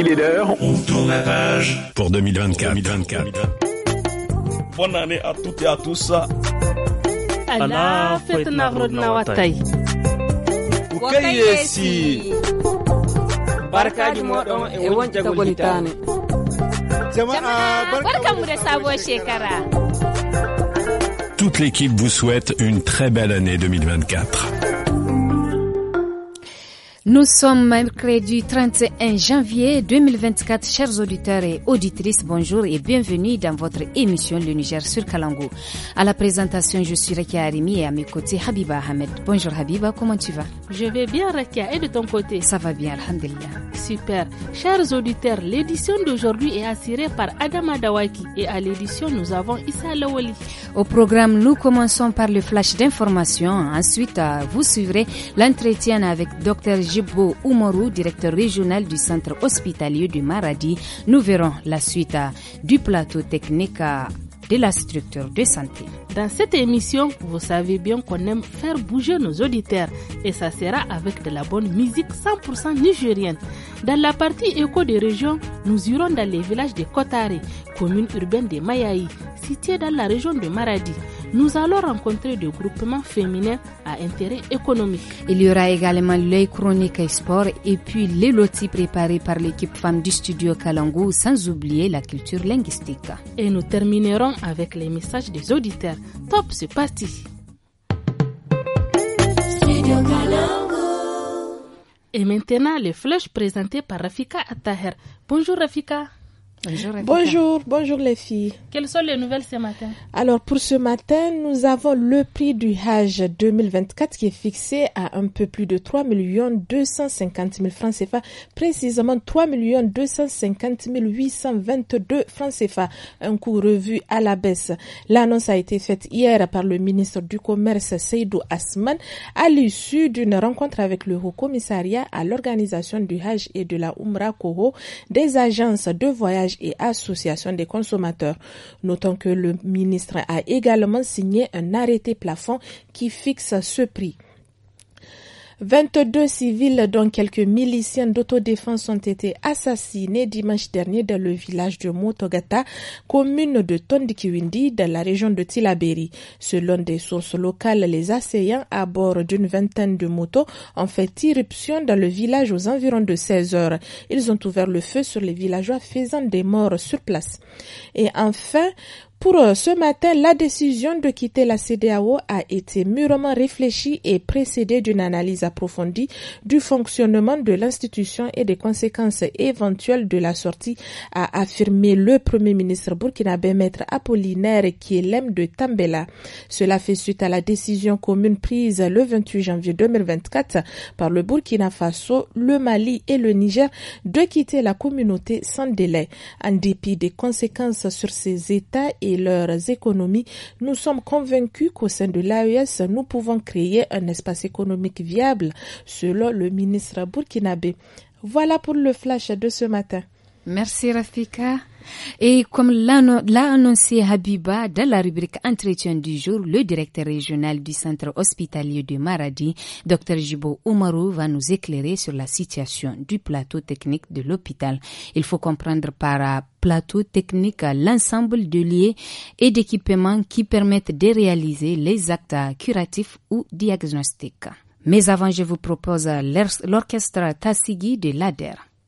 Il est l'heure. On tourne la page pour 2024. 2024. Bonne année à toutes et à tous. Allah fitna rodna watay. Ukayesi. Barkaji modon e, e wonta golitane. Jama'a barkamu da sabuwar shekara. Toute l'équipe vous souhaite une très belle année 2024. Nous sommes mercredi 31 janvier 2024, chers auditeurs et auditrices, bonjour et bienvenue dans votre émission Le Niger sur Kalango. À la présentation, je suis Rekia Arimi et à mes côtés Habiba Ahmed. Bonjour Habiba, comment tu vas Je vais bien Rekia, et de ton côté Ça va bien, Alhamdulillah. Super. Chers auditeurs, l'édition d'aujourd'hui est assurée par Adama Dawaki et à l'édition, nous avons Issa Lawali. Au programme, nous commençons par le flash d'information. Ensuite, euh, vous suivrez l'entretien avec Dr. J. Jebo Oumarou, directeur régional du centre hospitalier du Maradi. Nous verrons la suite du plateau technique de la structure de santé. Dans cette émission, vous savez bien qu'on aime faire bouger nos auditeurs et ça sera avec de la bonne musique 100% nigérienne. Dans la partie éco des régions, nous irons dans les villages de Kotare, commune urbaine de Mayaï, située dans la région de Maradi. Nous allons rencontrer des groupements féminins à intérêt économique. Il y aura également l'œil chronique et sport et puis les lotis préparés par l'équipe femme du studio Kalangu, sans oublier la culture linguistique. Et nous terminerons avec les messages des auditeurs. Top, c'est parti. Et maintenant, les flèches présentées par Rafika Attaher. Bonjour Rafika. Bonjour, bonjour, les filles. Quelles sont les nouvelles ce matin Alors pour ce matin, nous avons le prix du Hajj 2024 qui est fixé à un peu plus de 3 250 000 francs CFA, précisément 3 250 822 francs CFA, un coût revu à la baisse. L'annonce a été faite hier par le ministre du Commerce Seydou Asman à l'issue d'une rencontre avec le Haut Commissariat à l'organisation du Hajj et de la Umra Koho des agences de voyage et Association des consommateurs. Notons que le ministre a également signé un arrêté plafond qui fixe ce prix. 22 civils, dont quelques miliciens d'autodéfense, ont été assassinés dimanche dernier dans le village de Motogata, commune de Tondikiwindi, dans la région de Tilaberi. Selon des sources locales, les assaillants, à bord d'une vingtaine de motos, ont fait irruption dans le village aux environs de 16 heures. Ils ont ouvert le feu sur les villageois, faisant des morts sur place. Et enfin, pour euh, ce matin, la décision de quitter la CDAO a été mûrement réfléchie et précédée d'une analyse approfondie du fonctionnement de l'institution et des conséquences éventuelles de la sortie, a affirmé le premier ministre burkinabé Maître Apollinaire qui est l'aime de Tambela. Cela fait suite à la décision commune prise le 28 janvier 2024 par le Burkina Faso, le Mali et le Niger de quitter la communauté sans délai. En dépit des conséquences sur ces États et et leurs économies, nous sommes convaincus qu'au sein de l'AES, nous pouvons créer un espace économique viable, selon le ministre burkinabé. Voilà pour le flash de ce matin. Merci Rafika. Et comme l'a annoncé Habiba dans la rubrique Entretien du jour, le directeur régional du centre hospitalier de Maradi, Dr Jibo Oumarou, va nous éclairer sur la situation du plateau technique de l'hôpital. Il faut comprendre par plateau technique l'ensemble de liens et d'équipements qui permettent de réaliser les actes curatifs ou diagnostiques. Mais avant, je vous propose l'orchestre Tassigi de l'ADER.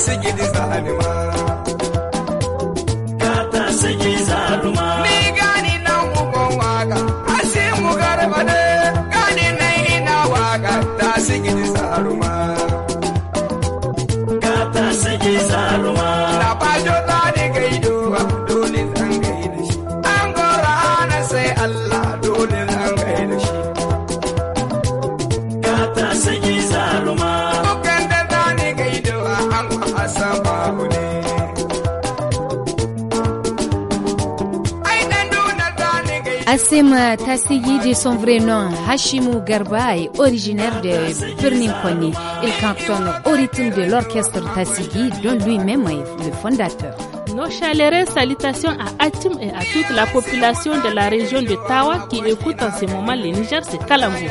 shige this animal. Ibrahim Tassigi, de son vrai nom Hashimou Garba, est originaire de Pernimponi, Il cantonne au rythme de l'orchestre Tassigi, dont lui-même est le fondateur. Nos chaleureuses salutations à Atim et à toute la population de la région de Tawa qui écoute en ce moment les Niger, c'est Kalambi.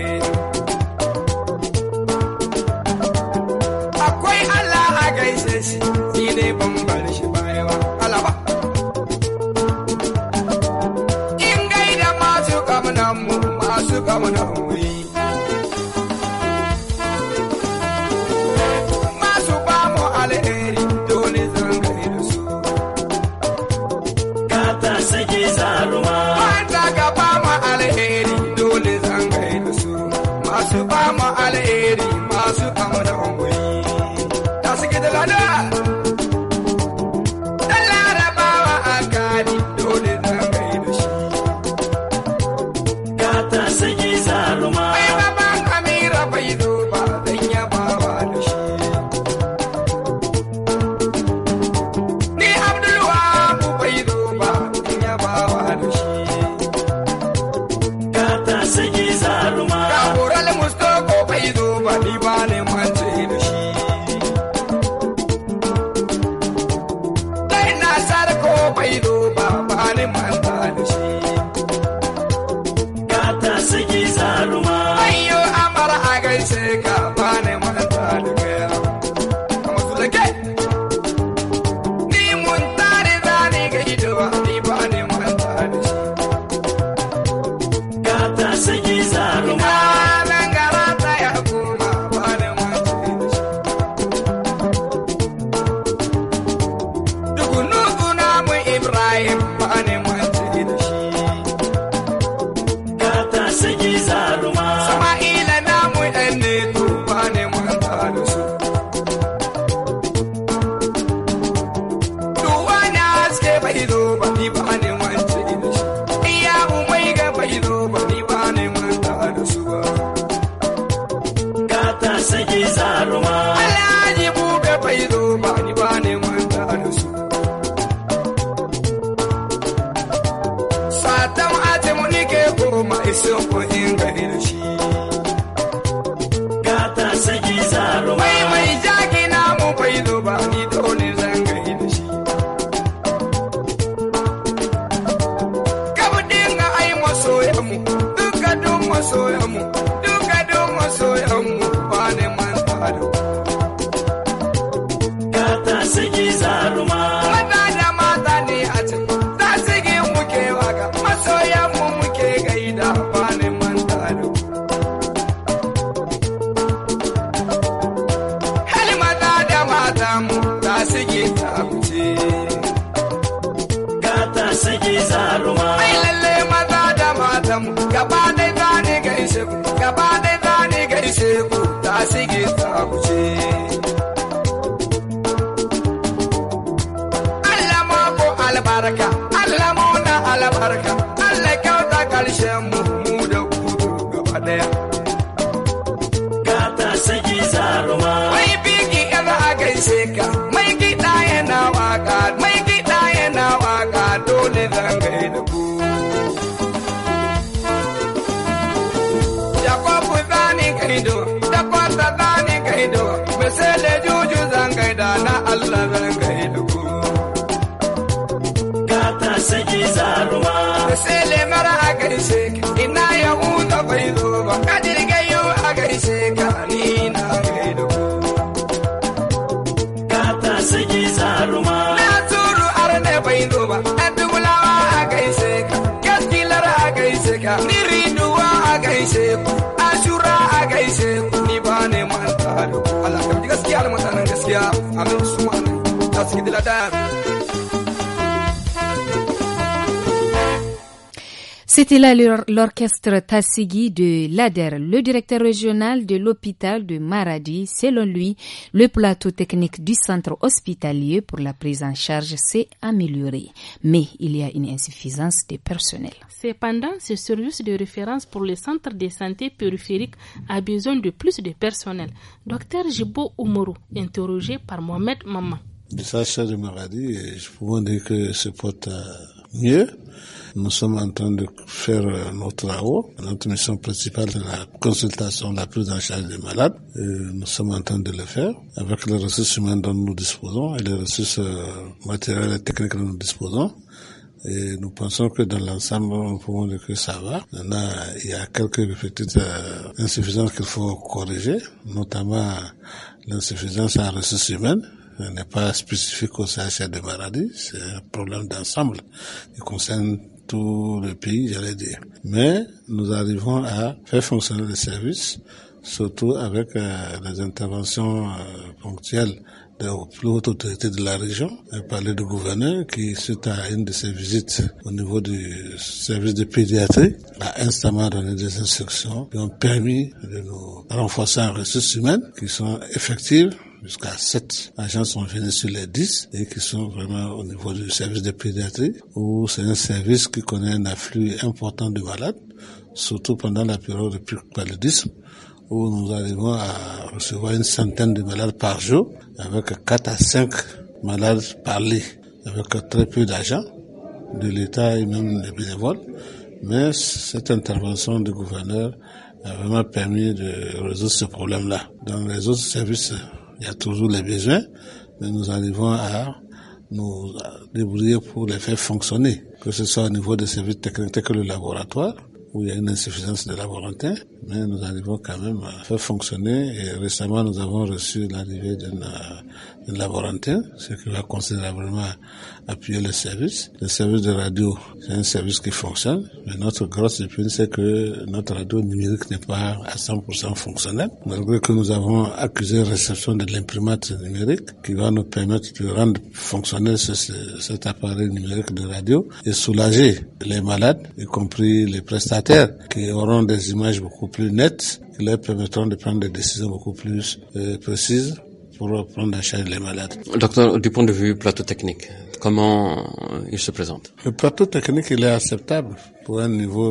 bum isa ruma. Ai lalle maza da matan gaba da zane gaishe ku gaba da zane gaishe ku ta sigi ta kuce. Allah ma ko albarka Allah mu na albarka Allah kyauta karshen mu mu da ku gaba daya. Gata shige zaruma. Wai biki yana a gaishe ka. sele juju zangai da na Allah zangai da ku. Gata sake zaruma. Da sele mara a gaishe ina ya gaishe ku ashura a gaishe ku ni ba ne manta da ku Allah ka ji gaskiya mutanen gaskiya amin su ma ta sigi dilada C'était là l'orchestre Tassigi de l'ADER, le directeur régional de l'hôpital de Maradi. Selon lui, le plateau technique du centre hospitalier pour la prise en charge s'est amélioré, mais il y a une insuffisance de personnel. Cependant, ce service de référence pour les centres de santé périphériques a besoin de plus de personnel. Docteur Jibo Oumourou, interrogé par Mohamed Maman. Les de Maradi, je peux dire que se porte euh, mieux nous sommes en train de faire euh, nos travaux. Notre mission principale est la consultation, la prise en charge des malades. nous sommes en train de le faire avec les ressources humaines dont nous disposons et les ressources euh, matérielles et techniques dont nous disposons. Et nous pensons que dans l'ensemble, on pouvons dire que ça va. il y a quelques petites euh, insuffisances qu'il faut corriger, notamment l'insuffisance en ressources humaines n'est pas spécifique au CHR de maladie, c'est un problème d'ensemble qui concerne tout le pays, j'allais dire. Mais nous arrivons à faire fonctionner les services, surtout avec euh, les interventions euh, ponctuelles des plus hautes autorités de la région. J'ai parlé du gouverneur qui, suite à une de ses visites au niveau du service de pédiatrie, a instamment donné des instructions qui ont permis de nous renforcer en ressources humaines qui sont effectives jusqu'à 7 agents sont venus sur les 10 et qui sont vraiment au niveau du service de pédiatrie où c'est un service qui connaît un afflux important de malades, surtout pendant la période de du paludisme où nous arrivons à recevoir une centaine de malades par jour avec 4 à 5 malades par lit avec très peu d'agents de l'État et même des bénévoles. Mais cette intervention du gouverneur a vraiment permis de résoudre ce problème-là. Dans les autres services il y a toujours les besoins, mais nous arrivons à nous débrouiller pour les faire fonctionner, que ce soit au niveau des services techniques que le laboratoire, où il y a une insuffisance de laboratoire, mais nous arrivons quand même à faire fonctionner. Et récemment, nous avons reçu l'arrivée d'une euh, volonté, ce qui va considérablement appuyer le service. Le service de radio, c'est un service qui fonctionne, mais notre grosse épine, c'est que notre radio numérique n'est pas à 100% fonctionnel, malgré que nous avons accusé réception de l'imprimante numérique qui va nous permettre de rendre fonctionnel cet appareil numérique de radio et soulager les malades, y compris les prestataires, qui auront des images beaucoup plus nettes qui leur permettront de prendre des décisions beaucoup plus euh, précises pour prendre en charge les malades. Docteur, du point de vue plateau technique, comment euh, il se présente Le plateau technique, il est acceptable pour un niveau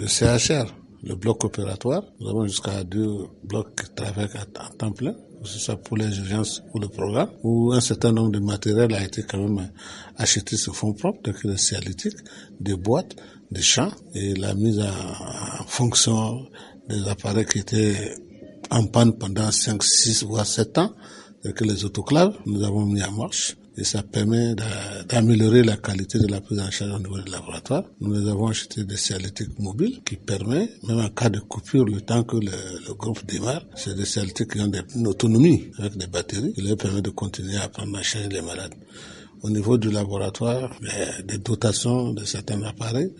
de CHR. Le bloc opératoire, nous avons jusqu'à deux blocs qui travaillent à temps plein que ce soit pour les urgences ou le programme, où un certain nombre de matériel a été quand même acheté sur fonds propres, donc le cialytique, des boîtes, des champs, et la mise en fonction des appareils qui étaient en panne pendant 5, 6 voire 7 ans, avec les autoclaves, nous avons mis en marche et ça permet d'améliorer la qualité de la prise en charge au niveau du laboratoire. Nous avons acheté des cialétiques mobiles qui permet, même en cas de coupure, le temps que le, groupe démarre, c'est des cialétiques qui ont des, une autonomie avec des batteries qui leur permet de continuer à prendre en charge les malades au niveau du laboratoire des dotations de certains appareils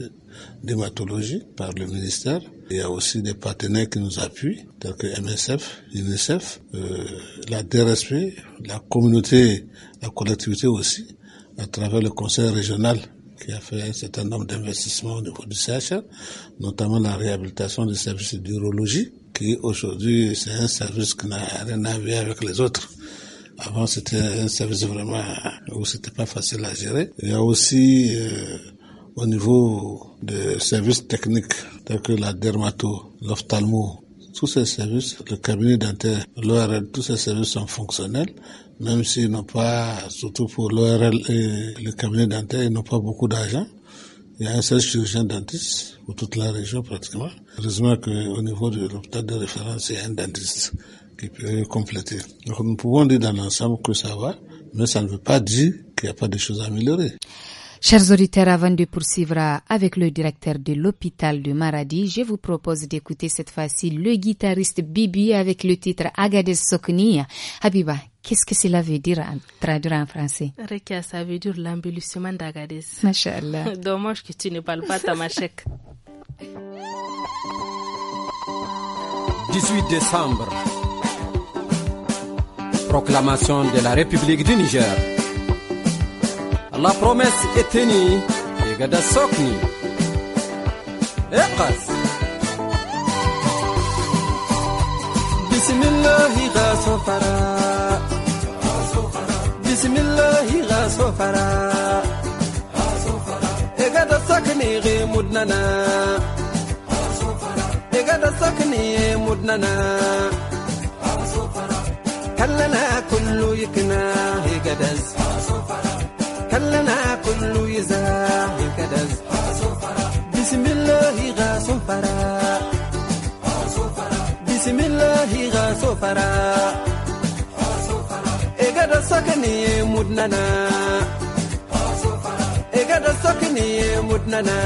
d'hématologie par le ministère. Il y a aussi des partenaires qui nous appuient, tels que MSF, UNICEF, euh, la DRSP, la communauté, la collectivité aussi, à travers le conseil régional qui a fait un certain nombre d'investissements au niveau du CHR, notamment la réhabilitation du service d'urologie, qui aujourd'hui c'est un service qui n'a rien à voir avec les autres. Avant, c'était un service vraiment où c'était pas facile à gérer. Il y a aussi euh, au niveau de services techniques tels que la dermato, l'ophtalmo, tous ces services, le cabinet dentaire, l'ORL, tous ces services sont fonctionnels, même s'ils n'ont pas, surtout pour l'ORL et le cabinet dentaire, ils n'ont pas beaucoup d'argent. Il y a un seul chirurgien dentiste pour toute la région pratiquement. Heureusement qu'au niveau de l'hôpital de référence, il y a un dentiste qui peut compléter. Donc nous pouvons dire dans l'ensemble que ça va, mais ça ne veut pas dire qu'il n'y a pas de choses à améliorer. Chers auditeurs, avant de poursuivre avec le directeur de l'hôpital de Maradi, je vous propose d'écouter cette fois-ci le guitariste Bibi avec le titre Agadez Sokni. Habiba, qu'est-ce que cela veut dire en, traduire en français Rekia, ça veut dire l'embellissement d'Agadez. Dommage que tu ne parles pas tamashek. 18 décembre proclamation de la République du Niger. La promesse est tenue et Gadasokni. Eqas. Bismillahi Rasofara. Bismillahi Rasofara. Egadasokni Egada Egadasokni Mudnana كلنا كله يكناه قدز كلنا كله يزاه قدز بسم الله غاسو فرا بسم الله غاسو فرا إقدر سكني مدننا إقدر سكني مدننا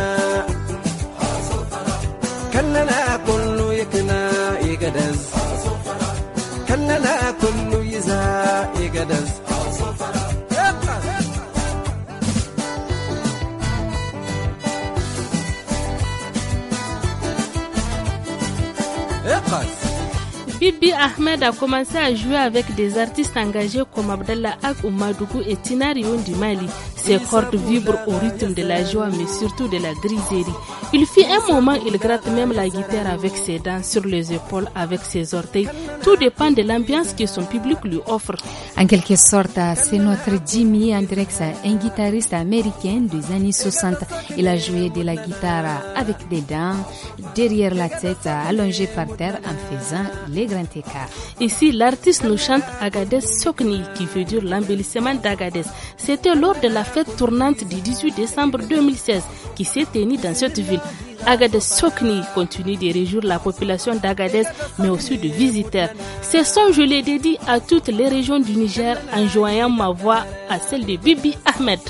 كلنا كله يكنا إقدز ከለላ ኩሉ ይዛ ይገደዝ اقص Bibi Ahmed a commencé à jouer avec des artistes engagés comme Abdallah Ak ou et Tinarion du Mali. Ses cordes vibrent au rythme de la joie mais surtout de la griserie. Il fit un moment, il gratte même la guitare avec ses dents sur les épaules, avec ses orteils. Tout dépend de l'ambiance que son public lui offre. En quelque sorte, c'est notre Jimmy Andrex, un guitariste américain des années 60. Il a joué de la guitare avec des dents, derrière la tête, allongé par terre en faisant les Ici, l'artiste nous chante Agadez Sokni, qui veut dire l'embellissement d'Agadez. C'était lors de la fête tournante du 18 décembre 2016 qui s'est tenue dans cette ville. Agadez Sokni continue de réjouir la population d'Agadez, mais aussi de visiteurs. Ce sons je les dédié à toutes les régions du Niger en joignant ma voix à celle de Bibi Ahmed.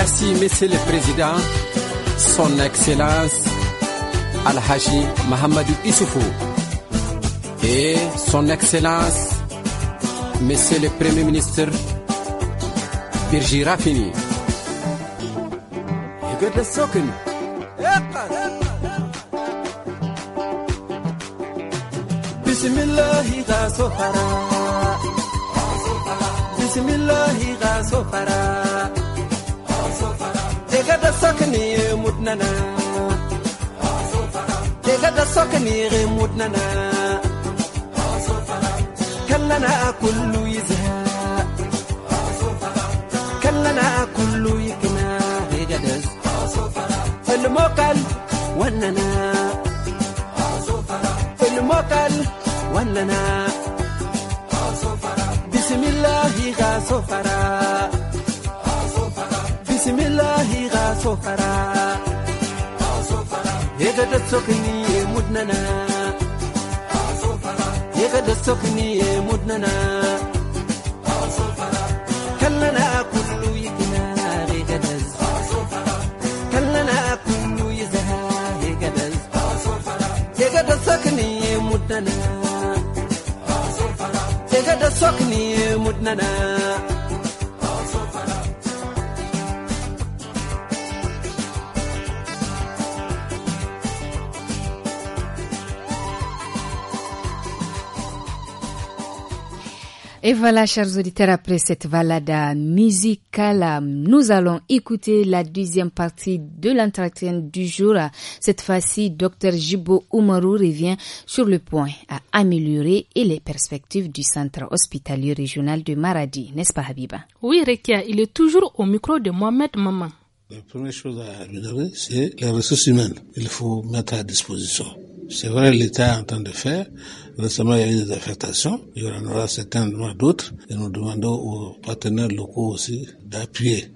Merci, Monsieur le Président, Son Excellence Al-Haji Mohamedou Issoufou et Son Excellence Monsieur le Premier ministre Birji Rafini. degadasakni mudnana degadasakni mudnana كلنا كل يزهق كلنا يكنا الموكل الموكل بسم الله غاسو فرا Sofara, soofara. Eegada sookni mudnana. Eegada sookni mudnana. Kallana kullu yikina eegadas. Kallana kullu yizaha eegadas. Eegada sookni mudnana. Eegada sookni mudnana. Et voilà, chers auditeurs, après cette valada musicale, nous allons écouter la deuxième partie de l'entretien du jour. Cette fois-ci, Dr Jibo Oumarou revient sur le point à améliorer et les perspectives du centre hospitalier régional de Maradi, n'est-ce pas Habiba Oui, Rekia, il est toujours au micro de Mohamed Maman. La première chose à améliorer, c'est les ressources humaines. Il faut mettre à disposition. C'est vrai, l'État est en train de faire, récemment, il y a eu des affectations. Il y en aura certainement d'autres. Et nous demandons aux partenaires locaux aussi d'appuyer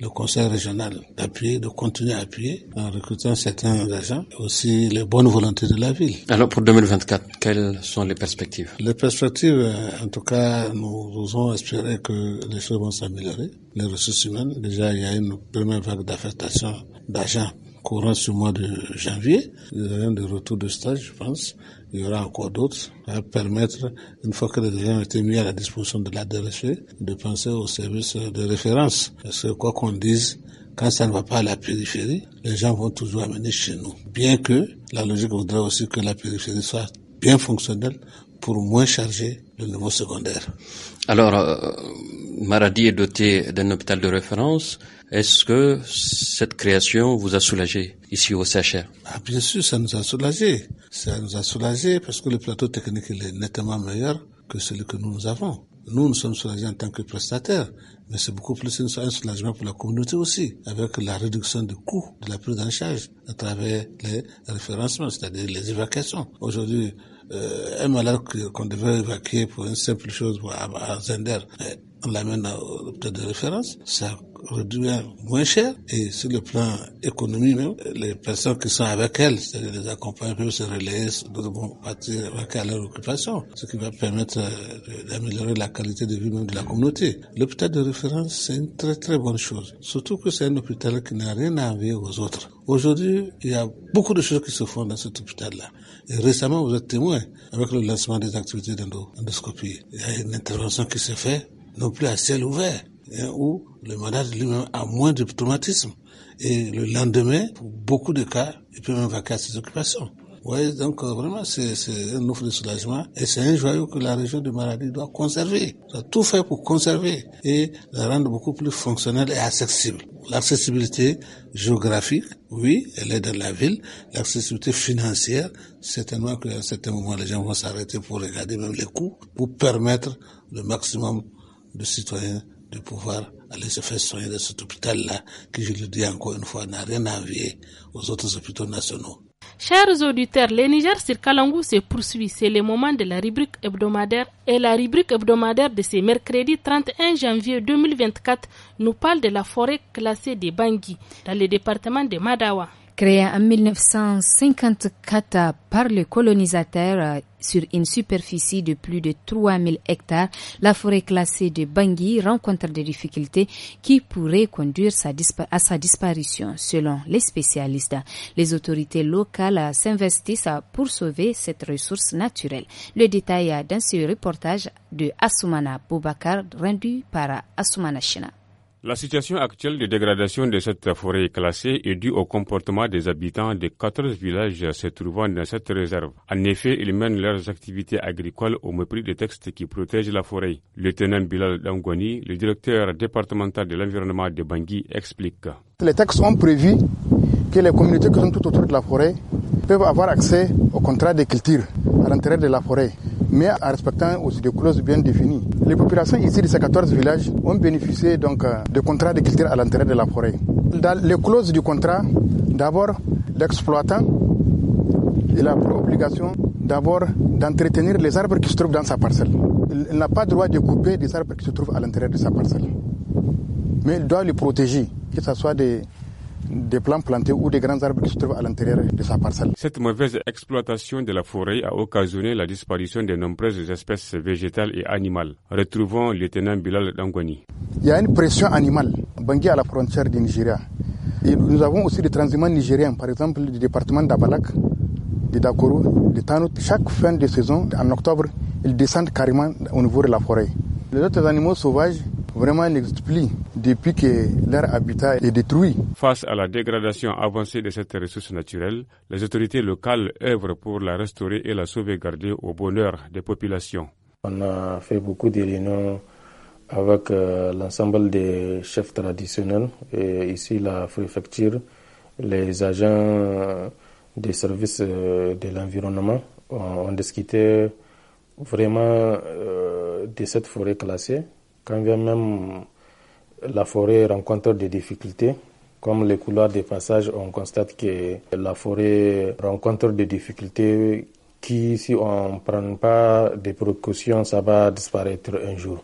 le conseil régional d'appuyer, de continuer à appuyer en recrutant certains agents, aussi les bonnes volontés de la ville. Alors pour 2024, quelles sont les perspectives Les perspectives, euh, en tout cas, nous avons espérer que les choses vont s'améliorer. Les ressources humaines, déjà il y a eu une première vague d'affectation d'agents courant ce mois de janvier, il y a un retour de stage, je pense il y aura encore d'autres, à permettre, une fois que les gens ont été mis à la disposition de la DRC, de penser aux services de référence. Parce que quoi qu'on dise, quand ça ne va pas à la périphérie, les gens vont toujours amener chez nous. Bien que la logique voudrait aussi que la périphérie soit bien fonctionnelle pour moins charger le niveau secondaire. Alors, euh, Maradi est doté d'un hôpital de référence. Est-ce que cette création vous a soulagé ici au CHR ah, Bien sûr, ça nous a soulagé. Ça nous a soulagé parce que le plateau technique est nettement meilleur que celui que nous avons. Nous, nous sommes soulagés en tant que prestataires, mais c'est beaucoup plus un soulagement pour la communauté aussi, avec la réduction du coût de la prise en charge à travers les référencements, c'est-à-dire les évacuations. Aujourd'hui, euh, un malade qu'on devait évacuer pour une simple chose à, Zender, euh, on l'amène au plateau de référence, ça réduire moins cher et sur le plan économique même, les personnes qui sont avec elles, c'est-à-dire les accompagnants peuvent se relayer, d'autres vont partir avec à leur occupation, ce qui va permettre euh, d'améliorer la qualité de vie même de la communauté. L'hôpital de référence, c'est une très très bonne chose, surtout que c'est un hôpital qui n'a rien à envier aux autres. Aujourd'hui, il y a beaucoup de choses qui se font dans cet hôpital-là. Et récemment, vous êtes témoin avec le lancement des activités d'endoscopie. Il y a une intervention qui se fait, non plus à ciel ouvert Hein, où le malade lui-même a moins de traumatisme. Et le lendemain, pour beaucoup de cas, il peut même vaquer à ses occupations. Ouais, donc euh, vraiment, c'est un offre de soulagement et c'est un joyau que la région de Maradi doit conserver. doit tout faire pour conserver et la rendre beaucoup plus fonctionnelle et accessible. L'accessibilité géographique, oui, elle est dans la ville. L'accessibilité financière, certainement qu'à un certain moment, les gens vont s'arrêter pour regarder même les coûts, pour permettre le maximum de citoyens de pouvoir aller se faire soigner de cet hôpital-là, qui, je le dis encore une fois, n'a rien à envier aux autres hôpitaux nationaux. Chers auditeurs, le Niger sur Kalangou se poursuit. C'est le moment de la rubrique hebdomadaire. Et la rubrique hebdomadaire de ce mercredi 31 janvier 2024 nous parle de la forêt classée des Bangui, dans le département de Madawa. Créé en 1954 par le colonisateur euh, sur une superficie de plus de 3000 hectares, la forêt classée de Bangui rencontre des difficultés qui pourraient conduire à sa disparition, selon les spécialistes. Les autorités locales s'investissent pour sauver cette ressource naturelle. Le détail dans ce reportage de Asumana Boubacar rendu par Assoumana Chena. La situation actuelle de dégradation de cette forêt classée est due au comportement des habitants des 14 villages se trouvant dans cette réserve. En effet, ils mènent leurs activités agricoles au mépris des textes qui protègent la forêt. Le Bilal Dangwani, le directeur départemental de l'environnement de Bangui, explique. Les textes ont prévu que les communautés qui sont tout autour de la forêt peuvent avoir accès au contrat de culture à l'intérieur de la forêt, mais en respectant aussi des clauses bien définies. Les populations ici de ces 14 villages ont bénéficié donc euh, de contrats de culture à l'intérieur de la forêt. Dans les clauses du contrat, d'abord, l'exploitant il a pour obligation d'abord d'entretenir les arbres qui se trouvent dans sa parcelle. Il n'a pas le droit de couper des arbres qui se trouvent à l'intérieur de sa parcelle. Mais il doit les protéger, que ce soit des, des plants plantés ou des grands arbres qui se trouvent à l'intérieur de sa parcelle. Cette mauvaise exploitation de la forêt a occasionné la disparition de nombreuses espèces végétales et animales. Retrouvons le lieutenant Bilal Dangwani. Il y a une pression animale, Bangui à la frontière du Nigeria. Et nous avons aussi des transhumants nigériens, par exemple du département d'Abalak, de Dakoro, de Tanout. Chaque fin de saison, en octobre, ils descendent carrément au niveau de la forêt. Les autres animaux sauvages vraiment n'existe plus depuis que leur habitat est détruit. Face à la dégradation avancée de cette ressource naturelle, les autorités locales œuvrent pour la restaurer et la sauvegarder au bonheur des populations. On a fait beaucoup de réunions avec euh, l'ensemble des chefs traditionnels, et ici la préfecture, les agents des services euh, de l'environnement. On, discuté vraiment euh, de cette forêt classée quand même la forêt rencontre des difficultés, comme les couloirs de passage, on constate que la forêt rencontre des difficultés qui, si on ne prend pas des précautions, ça va disparaître un jour.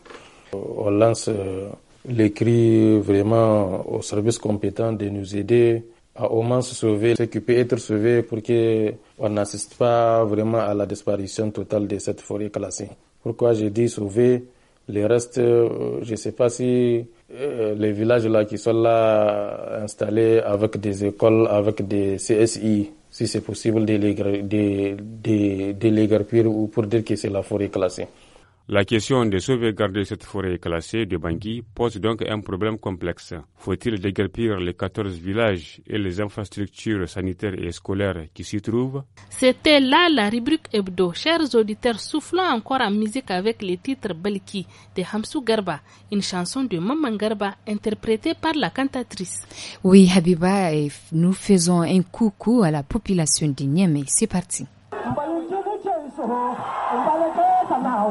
Euh, on lance euh, l'écrit vraiment aux services compétents de nous aider à au moins sauver ce qui peut être sauvé pour qu'on n'assiste pas vraiment à la disparition totale de cette forêt classée. Pourquoi j'ai dit sauver le reste, euh, je ne sais pas si euh, les villages là qui sont là installés avec des écoles, avec des CSI, si c'est possible de les, de, de, les ou pour dire que c'est la forêt classée. La question de sauvegarder cette forêt classée de Bangui pose donc un problème complexe. Faut-il déguerpir les 14 villages et les infrastructures sanitaires et scolaires qui s'y trouvent C'était là la rubrique hebdo. Chers auditeurs, soufflant encore en musique avec les titres Balki de Hamsou Garba, une chanson de Maman Garba interprétée par la cantatrice. Oui, Habiba, nous faisons un coucou à la population de Niamey. C'est parti. Now,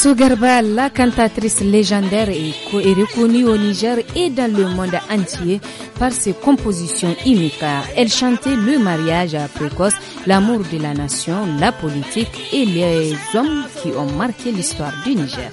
Sugarba, la cantatrice légendaire, est reconnue au Niger et dans le monde entier par ses compositions uniques. Elle chantait le mariage à précoce, l'amour de la nation, la politique et les hommes qui ont marqué l'histoire du Niger.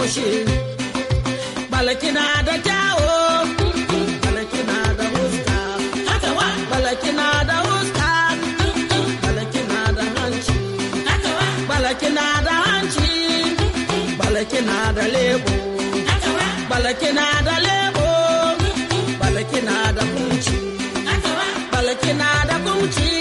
murmushe balakina da kyawo balakina da huska balakina da huska balakina da hanci balakina da hanci balakina da lebo balakina da lebo balakina da kunci balakina da kunci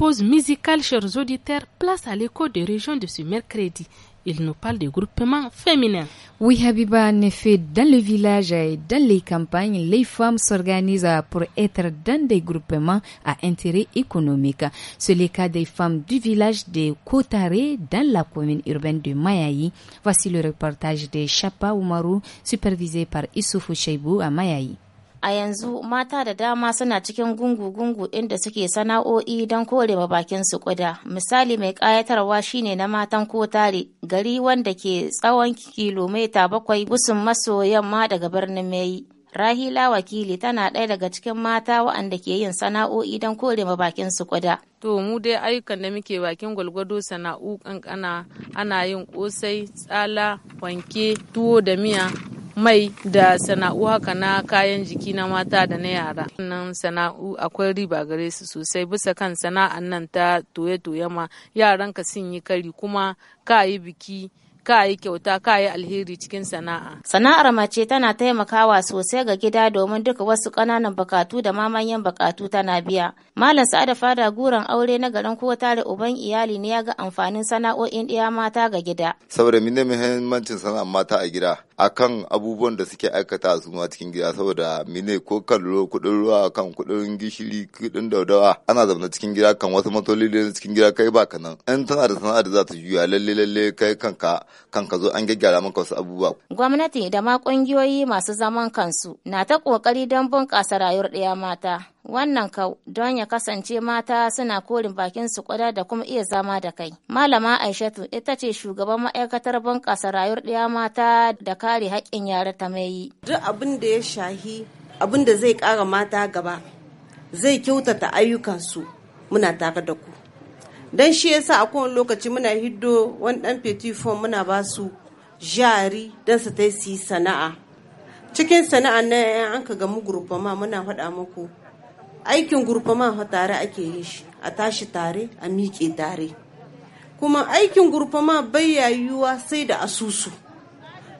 pause musicale, chers auditeurs, place à l'écho des régions de ce mercredi. Il nous parle des groupements féminins. Oui, Habiba, en effet, dans le village et dans les campagnes, les femmes s'organisent pour être dans des groupements à intérêt économique. C'est le cas des femmes du village de Kotare dans la commune urbaine de Mayaï. Voici le reportage de Chapa Oumaru, supervisé par Issoufou Cheibou à Mayaï. A yanzu mata da dama suna cikin gungu-gungu inda suke sana'o'i don kore ma bakin su kuda. Misali mai ƙayatarwa shine na matan kotare gari wanda ke tsawon kilomita bakwai gusun maso yamma daga birnin Mai. Rahila Wakili tana ɗaya daga cikin mata waɗanda ke yin sana'o'i don kore ma bakin su kuda. To mu dai ayyukan da muke bakin gwalgwado sana'u kankana ana yin kosai, tsala, wanke, tuwo da miya, mai da sana'u haka na kayan jiki na mata da na yara nan sana'u akwai riba gare su sosai bisa kan sana'an nan ta toye-toye ma yaran sun yi kari kuma ka yi biki ka yi kyauta ka yi alheri cikin sana'a. Sana'ar mace tana taimakawa sosai ga gida domin duka wasu ƙananan bukatu da ma manyan bukatu tana biya. Malam Sa'ada Fada guran aure na garin kowa da uban iyali ne ya ga amfanin sana'o'in ɗiya mata ga gida. Saboda mene muhimmancin sana'ar mata a gida akan abubuwan da suke aikata su ma cikin gida saboda mene ko kallo kuɗin ruwa kan kuɗin gishiri kuɗin daudawa ana zaune cikin gida kan wasu matsaloli cikin gida kai ba nan. In tana da sana'ar da za ta juya lalle lalle kai kanka kan zo an gyaggyara maka wasu abubuwa. Gwamnati da ma ƙungiyoyi masu zaman kansu na ta ƙoƙari don bunƙasa rayuwar ɗaya mata. Wannan kau don ya kasance mata suna korin bakin su kwada da kuma iya zama da kai. Malama Aishatu ita ce shugaban ma'aikatar bunƙasa rayuwar ɗaya mata da kare haƙƙin yara ta mai. yi. Duk abin da ya shahi abin da zai ƙara mata gaba zai kyautata ayyukansu muna tare da ku. dan shi yasa a kowane lokaci muna hiddo wani dan petit muna ba su jari dan su ta yi sana'a cikin sana'a na yan an ka gamu gurfama muna faɗa muku aikin gurfama fa tare ake yi shi a tashi tare a miƙe tare kuma aikin gurfama bai yayuwa sai da asusu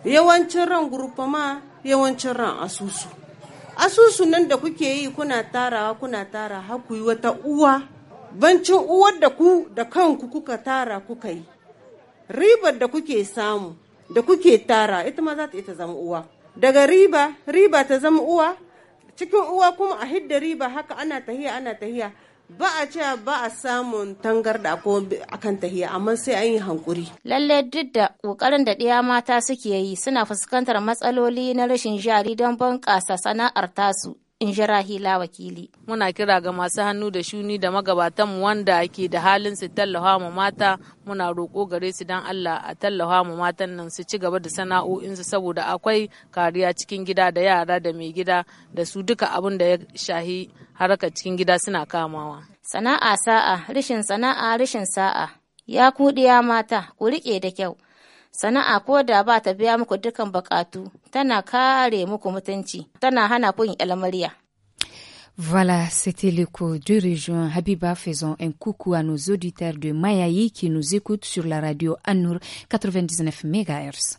yawancin ran gurfama yawancin ran asusu asusu nan da kuke yi kuna tarawa kuna tara har ku yi wata uwa bancin uwar da ku da kanku kuka tara kuka yi ribar da kuke samu da kuke tara ita ma za ta ita zama uwa daga riba riba ta zama uwa cikin uwa kuma a hidda riba haka ana tahiya ana tahiya ba a ce ba a samun tangarda ko akan tahiya amma sai an yi hankuri. Lalle duk da kokarin da ɗiya mata suke yi suna fuskantar matsaloli na rashin jari don bunƙasa sana'ar tasu in ji rahila wakili muna kira ga masu hannu da shuni da magabatanmu wanda ke da halin su tallafa mu mata muna roƙo gare su dan Allah a tallafa mu matan nan su ci gaba da sana'o'insu saboda akwai kariya cikin gida da yara da mai gida da su duka abin da ya shahi haraka cikin gida suna kamawa sana'a sa'a rishin sana'a rishin sa'a ya kuɗiya mata ku riƙe da kyau Voilà, c'était l'écho du région. Habiba, faisons un coucou à nos auditeurs de Mayaï qui nous écoutent sur la radio Anour 99 MHz.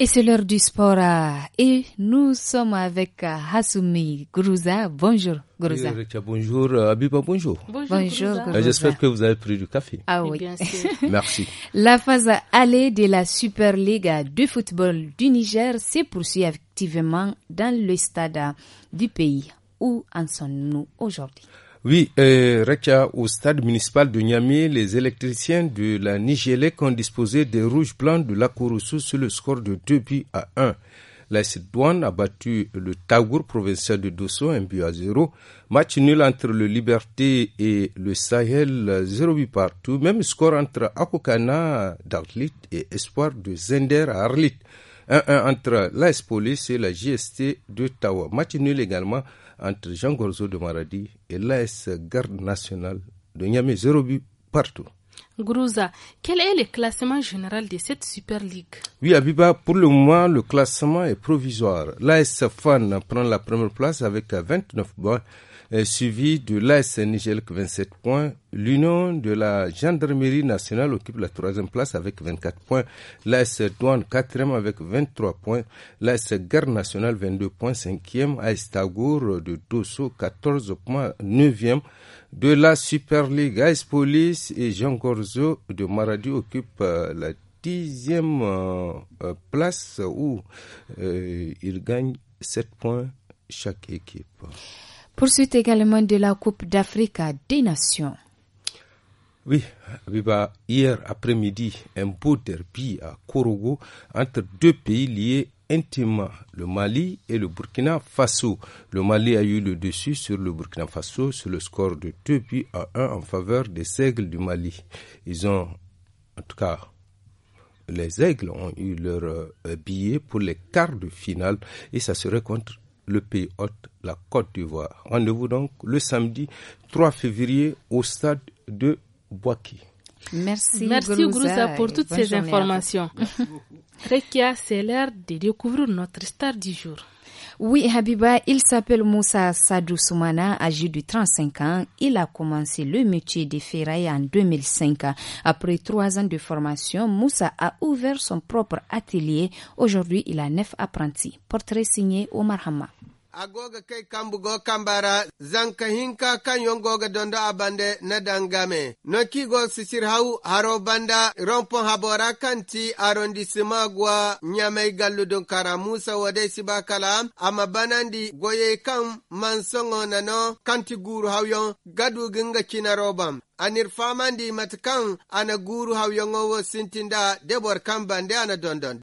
Et c'est l'heure du sport ah. et nous sommes avec ah, Hassoumi Grouza. Bonjour Grouza. Bonjour euh, Abiba, bonjour. Bonjour, bonjour euh, J'espère que vous avez pris du café. Ah oui. Merci. La phase allée de la Super League de football du Niger se poursuit activement dans le stade du pays. Où en sommes-nous aujourd'hui oui, euh, Rekia, au stade municipal de Niamey, les électriciens de la Nigélec ont disposé des rouges blancs de la l'Akorosu sur le score de 2 buts à 1. La Douane a battu le Tagour provincial de Dosso, un but à 0. Match nul entre le Liberté et le Sahel, 0 buts partout. Même score entre Akokana d'Arlit et Espoir de Zender à Arlit. 1-1 entre l'AS Police et la GST de Tawa. Match nul également entre Jean Gorzo de Maradi et l'AS Garde nationale de Niamey, zéro but partout. Grouza, quel est le classement général de cette Super League Oui, Abiba, pour le moment, le classement est provisoire. L'AS Fan prend la première place avec 29 points euh, suivi de l'AS avec 27 points. L'Union de la Gendarmerie nationale occupe la troisième place avec 24 points. L'AS Douane quatrième avec 23 points. L'AS Garde nationale 22 points. Cinquième AS Tagour de Dosso 14 points. Neuvième de la Super League AS Police et Jean Gorzo de Maradi occupent euh, la dixième euh, place où ils gagnent gagne 7 points chaque équipe. Poursuite également de la Coupe d'Afrique des Nations. Oui, hier après-midi, un beau derby à Korogo entre deux pays liés intimement, le Mali et le Burkina Faso. Le Mali a eu le dessus sur le Burkina Faso sur le score de 2 buts à 1 en faveur des aigles du Mali. Ils ont, en tout cas, les aigles ont eu leur euh, billet pour les quarts de finale et ça serait contre le pays hôte, la Côte d'Ivoire. Rendez-vous donc le samedi 3 février au stade de Boaki. Merci, Merci pour toutes ces informations. Rekia, c'est l'heure de découvrir notre star du jour. Oui, Habiba, il s'appelle Moussa Sadou Soumana, âgé de 35 ans. Il a commencé le métier des ferrailles en 2005. Après trois ans de formation, Moussa a ouvert son propre atelier. Aujourd'hui, il a neuf apprentis. Portrait signé Omar Hamma. agoga kai go kambara zanka hinka kan yongoga dondo abande na dangame no kigo sisir hau haro banda rompon habora kanti arondi simagwa nyamai gallu don kara musa wade sibakala kala ama banandi goye kam mansongo nano kanti guru hau yon gadu ginga kinarobam anir famandi matkan ana guru hau yongo wo sintinda debor kambande ana dondon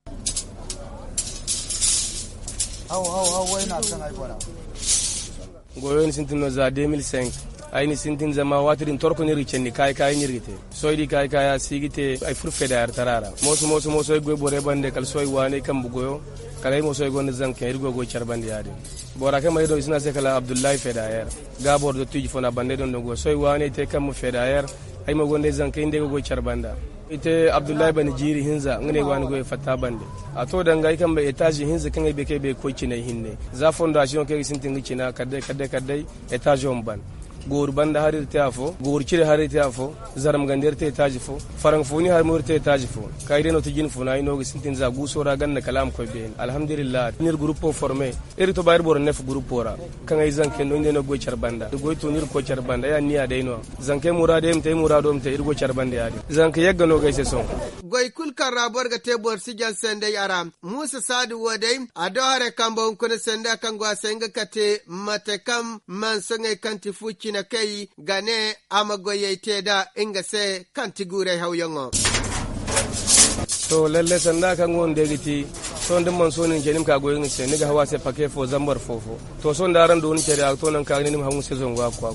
sintin no za 2005 ayni sintin zama watirin torko ni ricen ni kai kai ni rite soy di kai kai sigite ay fur feda ar tarara moso moso moso go bore bande kal soy wane kam bugoyo kala mo soy gonne zan kay rugo go charbande yade bora kam ay do isna se kala abdullahi feda yar gabor do tuji fona bande don go soy wane te kam feda ay mo gonne zan kay ndego go charbanda ite abdullahi bani jiri hinza ngane wani goye fata bande a to danga ikan bai etage hinza kan kai bai be ko kinai hinne za fondo a shi on ke sintin kina kadai kadai kadai etage on ban goor banda har te afo goor cire harir te afo zaram gander te taji fo farang funi har mur te taji fo kaire no tijin funa ino gisintin za guso ra ganna kalam ko be alhamdulillah nir gruppo formé eri to bayir bor nef gruppo ra kan ay zanke no ndeno go charbanda go to nir ko charbanda ya niya de no zanke murade mte murado mte irgo charbanda ya zanke yagga no gaise son goy kul karra bor ga te bor sijan sende yara musa sadu wodai adore kambo kun sende kan go senga kate mate kam man songe kanti fuchi na kai gane amagoye da inga se kan tigure hau hauyongo. to lalle sanda kan gon da giti son din man sonin ke nim ka goyin se ni ga hawa se pake fo zambar fofo to son da ran doni ke da to nan ka ni nim hawu se zongo akwa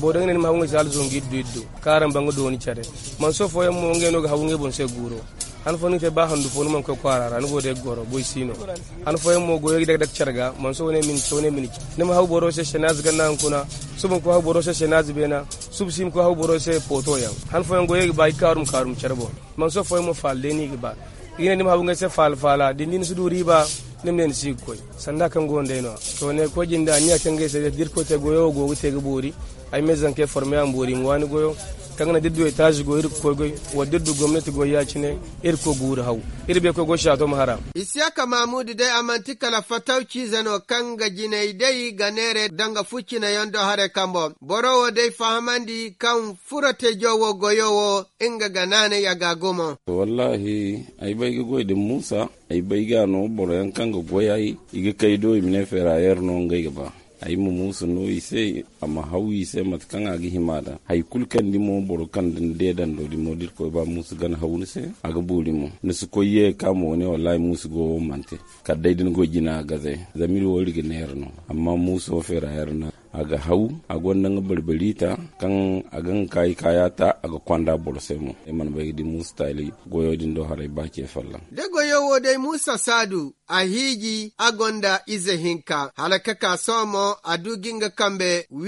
bo dan nim hawu se al zongi diddo karan bangu doni chare man so fo yammo nge no ga hawun nge bon se guro han fo ning te ba handu fo numan ko kwara ran go de goro boy sino han fo yemo go yegi dag dag charga man so ne min so ne min ne ma hawboro se shenaz ganna kuna subon ko hawboro se shenaz bena sub sim ko hawboro se poto yang han fo ngo yegi bay karum karum charbo man so fo yemo fal de ni ba ina nim habu ngese fal fala din din sudu riba nim nen sikoy sanda kan go ndeno to ne ko jinda nya kan ngese dir ko te goyo go te gbori ay mezan ke forme am bori ngwani goyo kangana diddu e taji go irko wa wo diddu gomnati go yacine irko guuri haw ko koygo shato mahara isiyaka mamudi dai amanti kala fatauci zano kanga jinai dai ganere danga na yondo hare kambo borowo dai fahamandi kan furate jowo goyowo inga ganane yaga gomo wallahi ay baygi goyde musa ay boro boroyan kanga goyayi iga kaydo imine ferayer no ngayga ba ay mu musa no ise amma hawi se mat kanga gi himada hay kulkan dimo boro kan den dedan do dimo dir ko ba musu gan hawni se aga buri mo ne su ko ye ka mo ne wallahi musu go mante kadai din go jina gaze zamir wori ge nerno amma musu fera herna aga hau aga nanga barbarita kan agan kai kayata aga kwanda borsemo e man bai di musta ile goyo din do ba bake falla de goyo wo dai musa sadu ahiji agonda ize hinka halaka kasomo adu ginga kambe wi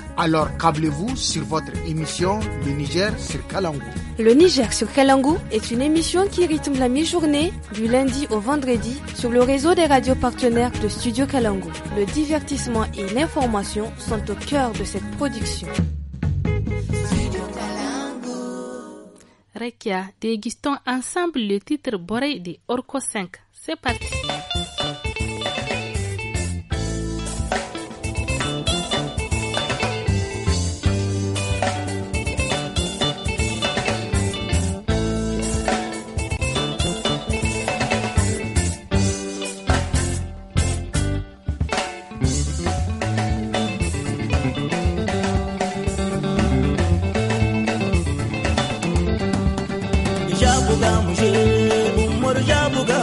alors câblez-vous sur votre émission Le Niger sur Kalango. Le Niger sur Kalango est une émission qui rythme la mi-journée du lundi au vendredi sur le réseau des radios partenaires de Studio Kalango. Le divertissement et l'information sont au cœur de cette production. Rekia, dégustons ensemble le titre Boré des Orco 5. C'est parti.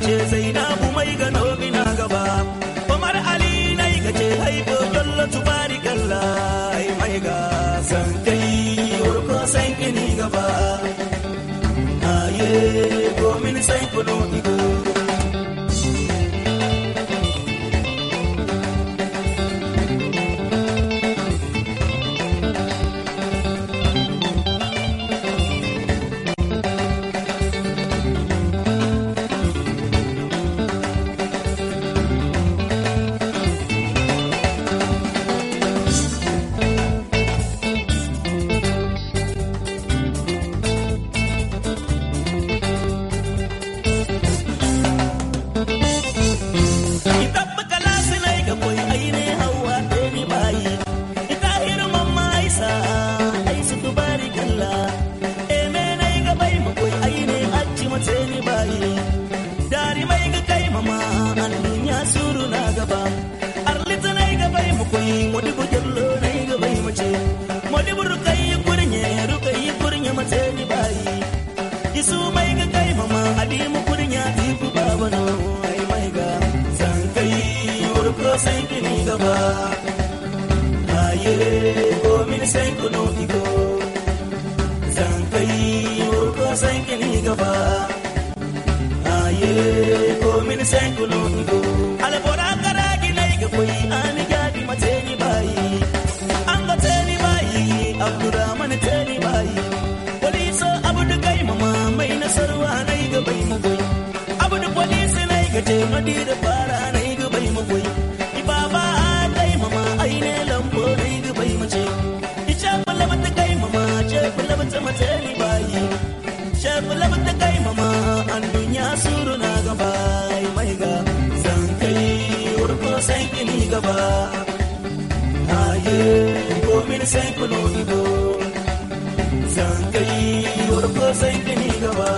mace zaina go sen kini gaba aye ko min sen aye kai sai kulo ido zan kai yurko sai gani gaba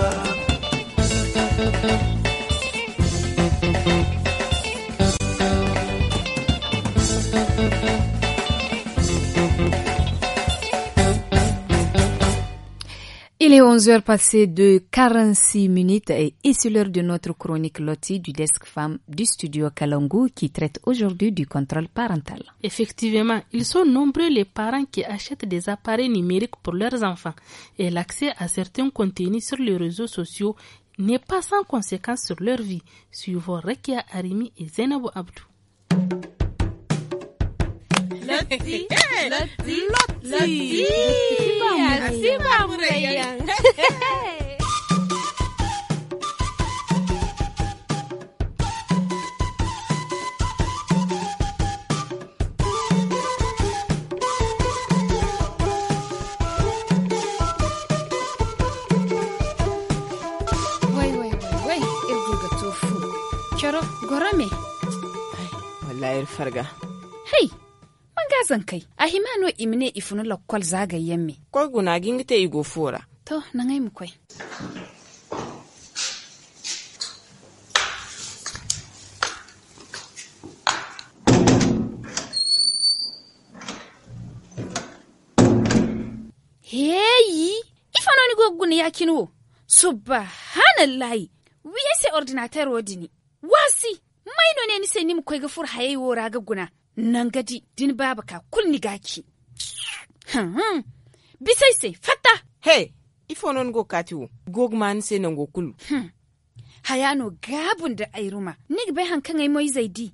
Il est 11h passé de 46 minutes et ici l'heure de notre chronique Loti du Desk Femme du studio Kalangu qui traite aujourd'hui du contrôle parental. Effectivement, ils sont nombreux les parents qui achètent des appareils numériques pour leurs enfants et l'accès à certains contenus sur les réseaux sociaux n'est pas sans conséquence sur leur vie, suivant Rekia Arimi et Zainabou Abdou. Eh, Lotti. Lotti. Lotti. Así vamos, Rayyan. Guarda me. Wallahi farga. zan kai a ahimano imne ifunu lakwal zagayen me Kwa guna gingite igo fora to na ngai mu koi heyi ifanoni suba yakinuwo subhanallahi wiye se ordinatar wadini. wasi maino ni ni nimu kwai fur hayeyi wora guna. nan gadi din baba ka kulni gaki. Hmm. Bisai sai fatta. he ifo non go katiwo, gog man sai nan go kulu. Hmm. Hayano gabun da airuma, nig bai hankan ai moi zaidi.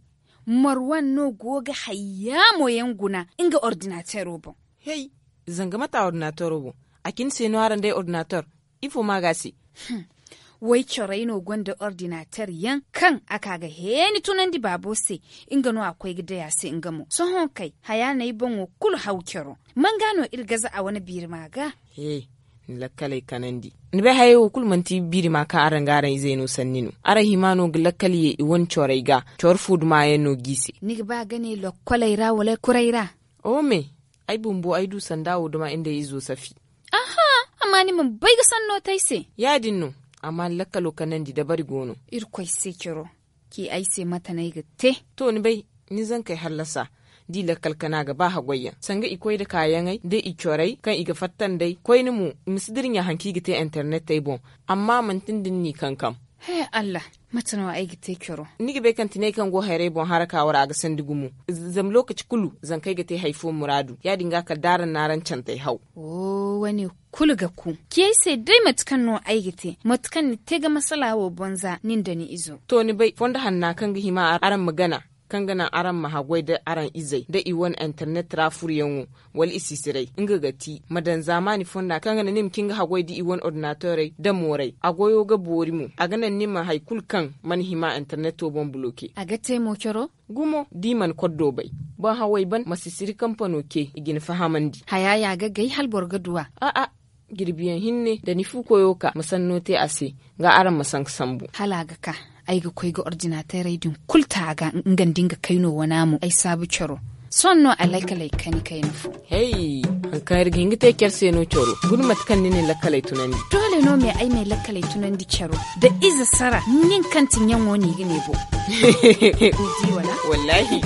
Marwan no goga hayya moyen guna inga ordinateur bon. Hey, zanga mata ordinateur bo Akin sai no aran dai ordinateur, ifo magasi. Hmm. wai choreno gwanda ordinatar yan kan aka ga heni tunan di in gano akwai gida ya se gamo ingamo hon kai haya na ban wa kul haukero man gano irgaza a wani birma ga hey. lakkalai kanandi bai haye wokul manti biri ma kan aran garan izai no sanninu ara himano glakkali ye iwon chorai ga chor food ma ye no gisi ba gane lokkolai ra wala kuraira o me ai bumbu ai du sandawo duma inda izo safi aha amma ni mun bai ga sanno taise ya dinno. amma lakka lokanan di dabari gono irkoi sikiro ki aise mata na te to ni bai ni zan kai hallasa di lakkal kana ga ba hagwayya sanga ikwai da kayan ai da ikyorai, kan iga fattan dai kwai ni mu misidirin ya hanki gite internet tai bon amma mantin din ni kankam he Allah matano aiki gite kiro nigi be kan tine kan go haire bon haraka wara aga sandi gumu. zam lokaci kulu zan kai ga ta haifo muradu ya dinga ka na naran can tai hau o wani kulu ga ku sai dai matkan no aiki gite matkan ni te ga masala wo bonza nin da ni izo to ni bai fonda na kan ga hima aran magana kangana aran mahagwai da aran izai da iwan internet rafur yanwu wal sirai inga gati madan zamani fonda kangana nim kinga hagwai di iwan ordinatore da morai agoyo ga borimu aganan ma haikul kan manhima internet to bon bloke agate mo kyoro gumo diman koddo bai ban hawai ban masisiri kamfano ke igin fahamandi hayaya ga gai halbor gaduwa a a girbiyan hinne da nifu koyoka musannote ase ga aran masan sambu halaga ka ai ga koi ga ordinata raidin kulta ga ngan dinga kaino wana mu ai sabu choro son no alaika laika ni kai nufu hey an kan irgi ngi te kyar seno choro gun mat kan ni ne lakalai tunandi dole no me ai me lakalai tunandi choro da iza sara nin kantin yan woni gine bo uji wala wallahi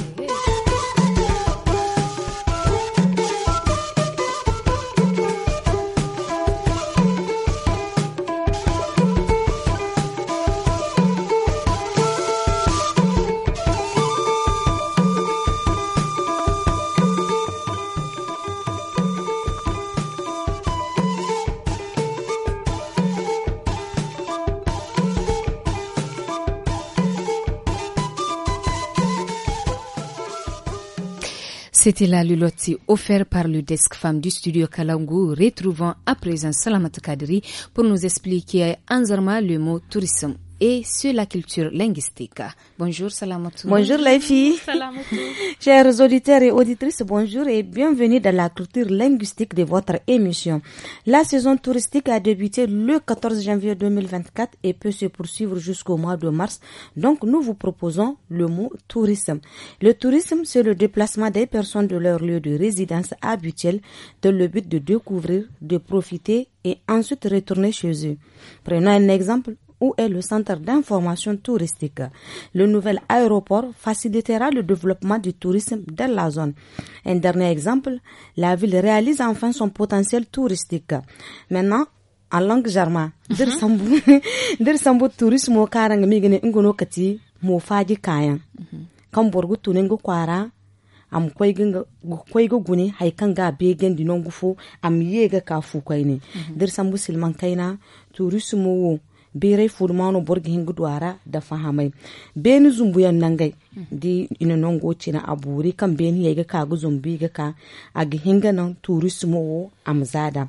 C'était là le loti offert par le desk femme du studio Kalangu. retrouvant à présent Salamat Kadri pour nous expliquer en le mot tourisme et sur la culture linguistique. Bonjour Salamatou. Bonjour les filles. Salamatou. Chers auditeurs et auditrices, bonjour et bienvenue dans la culture linguistique de votre émission. La saison touristique a débuté le 14 janvier 2024 et peut se poursuivre jusqu'au mois de mars. Donc nous vous proposons le mot tourisme. Le tourisme, c'est le déplacement des personnes de leur lieu de résidence habituel dans le but de découvrir, de profiter et ensuite retourner chez eux. Prenons un exemple, où est le centre d'information touristique. Le nouvel aéroport facilitera le développement du tourisme dans la zone. Un dernier exemple, la ville réalise enfin son potentiel touristique. Maintenant, en langue germain, mhm. dir sambu, dir sambu tourisme karang migene Ngono kati mo kayan. Mhm. Kamborgu tunengo kwara, am koyga gune hay ga begen di non am yega ka fu koyne. Mhm. Dir sambu silman tourisme bere furmano borgin gudwara da fahamai beni zumbuyan nangai di ina non goci na aburi kan beni ya ga zumbi ga ka a gihinga nan turismo wo amzada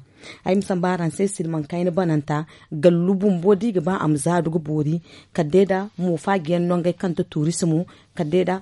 ai misan baran sai silman kai bananta gallubun bodi ga ba amzadu bori kadeda mu fagiyan non gai kan turismo kadeda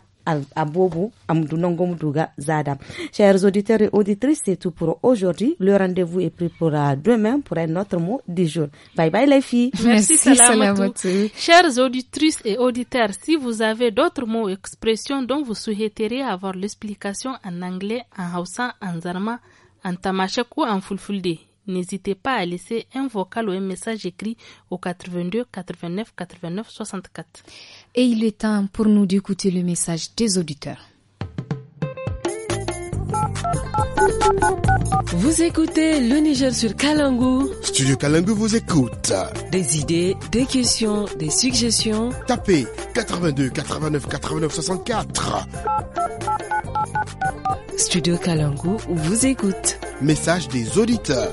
Zada. Chers auditeurs et auditrices, c'est tout pour aujourd'hui. Le rendez-vous est pris pour euh, demain pour un autre mot du jour. Bye bye les filles. Merci, Merci Chers auditrices et auditeurs, si vous avez d'autres mots expressions dont vous souhaiteriez avoir l'explication en anglais, en haussa, en zarma, en tamashek ou en fulfulde, n'hésitez pas à laisser un vocal ou un message écrit au 82 89 89 64. Et il est temps pour nous d'écouter le message des auditeurs. Vous écoutez le Niger sur Kalangu. Studio Kalangu vous écoute. Des idées, des questions, des suggestions. Tapez 82 89 89 64. Studio Kalangu vous écoute. Message des auditeurs.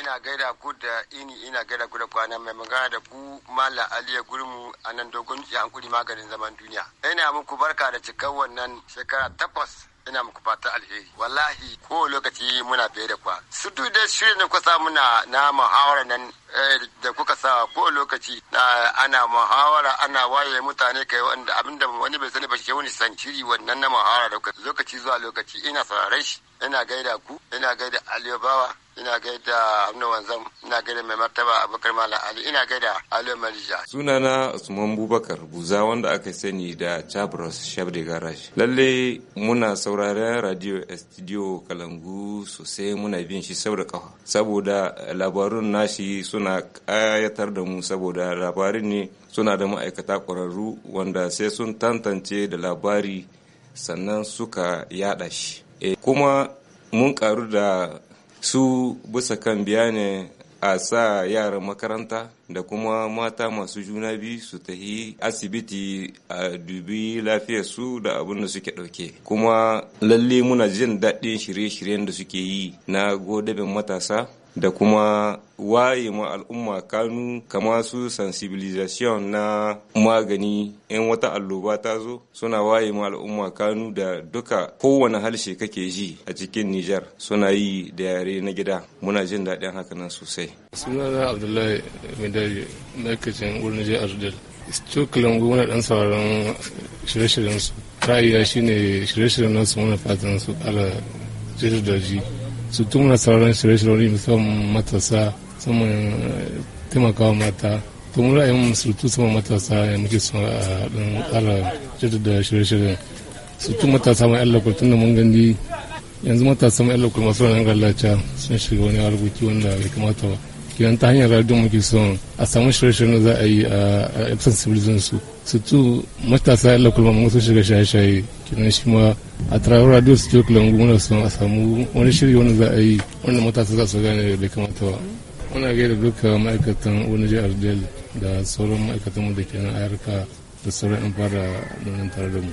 ina gaida ku da ini ina gaida ku da kwana mai magana da ku mala aliya gurmu a nan dogon yankuri maganin zaman duniya ina muku barka da cikar wannan shekara takwas ina muku fata alheri wallahi ko lokaci muna fiye da kwa su duk da shirin da kuka sa muna na muhawara nan eh, da kuka sa ko lokaci na ana muhawara ana waye mutane kai wanda abinda wani bai sani ba shi wani san shiri wannan na muhawara lokaci zuwa lokaci ina saurare shi ina gaida ku ina gaida aliyobawa ina gaida abin wanzam ina gaida mai martaba abubakar mala ali ina gaida aliyo malija sunana usman bubakar buza wanda aka sani da chabros shabde garage. lalle muna saura. sauraron radio studio kalangu sosai muna bin shi saboda kafa saboda labarun nashi suna kayatar da mu saboda labarin ne suna da ma'aikata ƙwararru wanda sai sun tantance da labari sannan suka yada shi e, kuma mun karu da su bisa kan biya a sa yaran makaranta da kuma mata masu juna biyu su tafi asibiti a dubi lafiyar su da abin da suke ɗauke kuma lalle muna jin daɗin shirye-shiryen da suke yi na godabin matasa da kuma waye ma al'umma kanu kama su sensibilisation na magani in wata alloba ta zo suna waye ma al'umma kanu da duka kowane halshe kake ji a cikin Nijar suna yi da yare na gida muna jin daɗin haka nan sosai. Sunana Abdullahi Medali na kacin wurin je Ardel. Stokilan gwamna ɗan sauran shirye-shiryen su. Ra'ayi shine shirye-shiryen nasu muna fatan su ala jirgin su tuna sauran shirye-shirye musamman matasa musamman taimakawa mata to mu ra'ayin surutu sama matasa ya muke su a ɗan ƙara jaddada shirye-shiryen su tun matasa mai uh, allakul da mun gandi yanzu matasa mai allakul masu ranar gallaca sun shiga wani harkoki wanda bai kamata ba kenan ta hanyar radio muke son a samu shirye-shiryen da za a yi a sensibilizin su su tu matasa yalla kulma mun shiga shaye-shaye kenan shi ma a tarawar radio su cikin kulangu muna son a samu wani shirye wani za a yi wanda matasa za su gane da kamata ba muna gaida duka ma'aikatan wani jihar del da sauran ma'aikatan mu da ke nan ayarka da sauran yan fara nan tare da mu.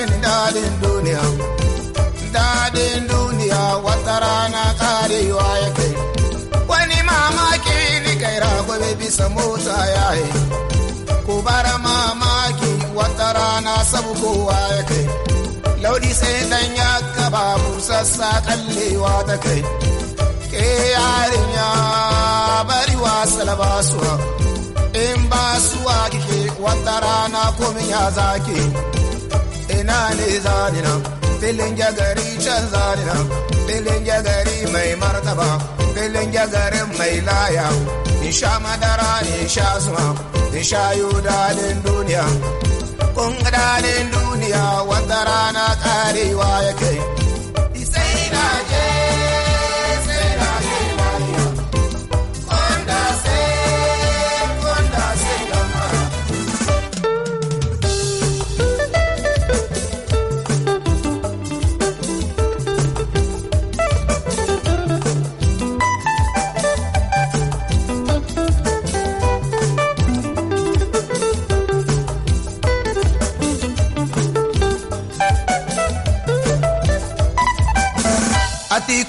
mini dadin duniya dadin duniya wata rana karewa ya kai wani mamaki ni kai ragobe bisa mota ya yi ku bara mamaki wata rana sabu kowa ya kai laudi sai dan ya kaba busassa kallewa ta kai ke yarinya bari wasa labasuwa in ba suwa kike wata rana komin ya zake ina ne zanina filin gagari can zanina filin gagari mai martaba filin gagarin mai laya in sha madara in sha zuma in sha yu dadin duniya kun dadin duniya wata rana karewa kai.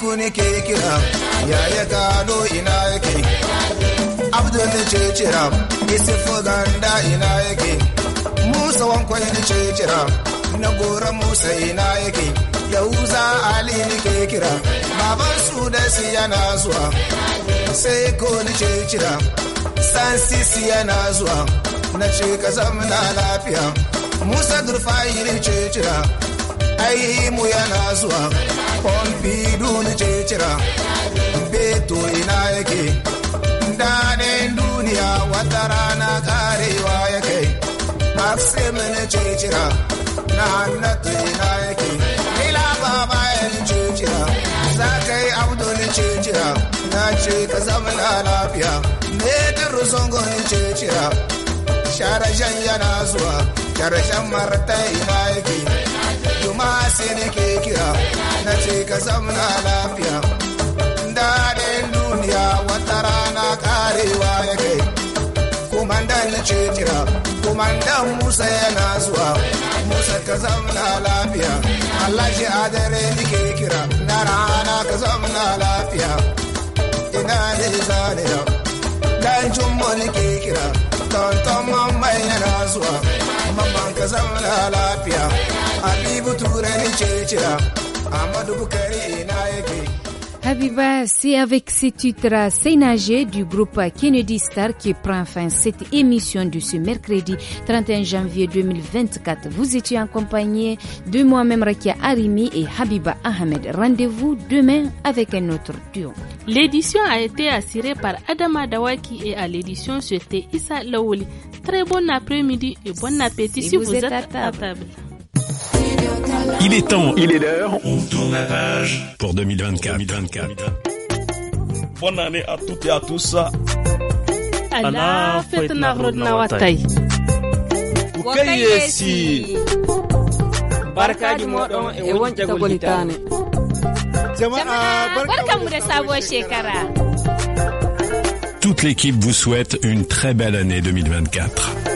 ku nake kira ya ya gano ina yake abdul ce cira isa ganda ina yake musa wankwai ce cira na gora musa ina yake yahuza ali nake kira baban su da si yana zuwa sai ko ni ce cira san sisi yana zuwa na ce ka zamana lafiya musa durfayi ne ce cira ai mu yana zuwa Pompidou na cecira, Beto ina yake, daɗin duniya wata rana karewa yake, Hafsim na cecira, na hannatu ina yake, Ila baba ya cecira, za ka yi abdu cecira, na ce ka zama lafiya, Metin Rusongo cecira, Sharashen yana zuwa, Sharashen marta ina yake. ma sai nake kira na ce ka zamna lafiya daɗin duniya wata rana karewa ya kai kumandan ce jira kumandan musa yana zuwa musa ka zamna lafiya allah a adare nake kira na rana ka zamna lafiya ina ne zaniya dan jumbo nake kira tonton mamman yana zuwa mamman ka zauna lafiya habibu turai ce cira amadu bukari ina yake Habiba, c'est avec ce titre Sénagé du groupe Kennedy Star qui prend fin cette émission de ce mercredi 31 janvier 2024. Vous étiez accompagné de moi-même Rakia Arimi et Habiba Ahmed. Rendez-vous demain avec un autre duo. L'édition a été assurée par Adama Dawaki et à l'édition c'était Issa Laouli. Très bon après-midi et bon appétit si, vous, êtes À table. Il est temps, il est l'heure. On tourne la page pour 2024. Bonne année à toutes et à tous. Allah fitna rodna watay. Kukayesi. Barkaji modon e wonta golitane. Jama'a barkamu da shekara. Toute l'équipe vous souhaite une très belle année 2024.